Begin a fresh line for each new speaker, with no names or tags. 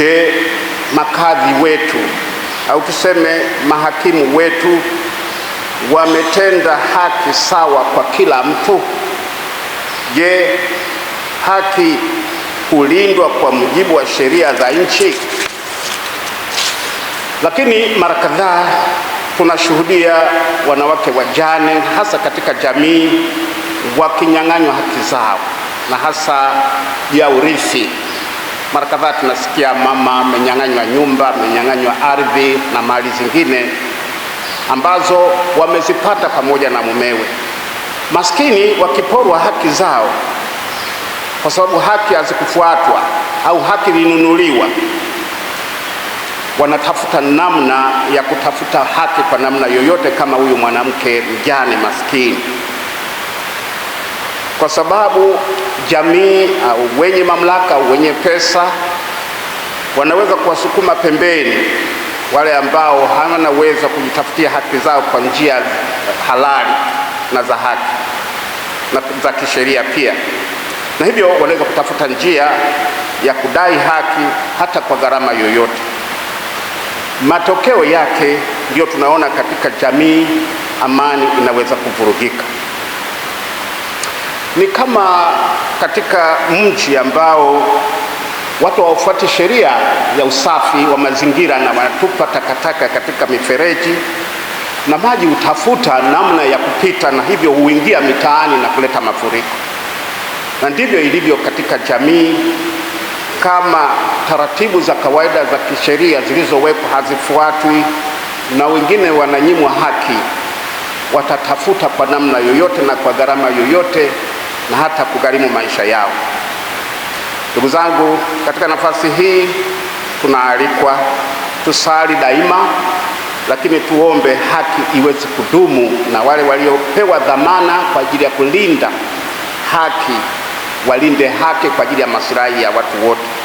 Je, makadhi wetu au tuseme mahakimu wetu wametenda haki sawa kwa kila mtu? Je, haki hulindwa kwa mujibu wa sheria za nchi? Lakini mara kadhaa tunashuhudia wanawake wajane hasa katika jamii wakinyang'anywa haki zao na hasa ya urithi. Mara kadhaa tunasikia mama amenyang'anywa nyumba, amenyang'anywa ardhi na mali zingine ambazo wamezipata pamoja na mumewe. Maskini wakiporwa haki zao, kwa sababu haki hazikufuatwa au haki ilinunuliwa, wanatafuta namna ya kutafuta haki kwa namna yoyote, kama huyu mwanamke mjane maskini kwa sababu jamii au wenye mamlaka au wenye pesa wanaweza kuwasukuma pembeni wale ambao hawanaweza kujitafutia haki zao kwa njia halali na za haki na za kisheria pia, na hivyo wanaweza kutafuta njia ya kudai haki hata kwa gharama yoyote. Matokeo yake ndiyo tunaona katika jamii, amani inaweza kuvurugika. Ni kama katika mji ambao watu hawafuati sheria ya usafi wa mazingira na wanatupa takataka katika mifereji na maji hutafuta namna ya kupita na hivyo huingia mitaani na kuleta mafuriko. Na ndivyo ilivyo katika jamii, kama taratibu za kawaida za kisheria zilizowekwa hazifuatwi na wengine wananyimwa haki, watatafuta kwa namna yoyote na kwa gharama yoyote na hata kugharimu maisha yao. Ndugu zangu, katika nafasi hii tunaalikwa tusali daima, lakini tuombe haki iweze kudumu, na wale waliopewa dhamana kwa ajili ya kulinda haki walinde haki kwa ajili ya maslahi ya watu wote.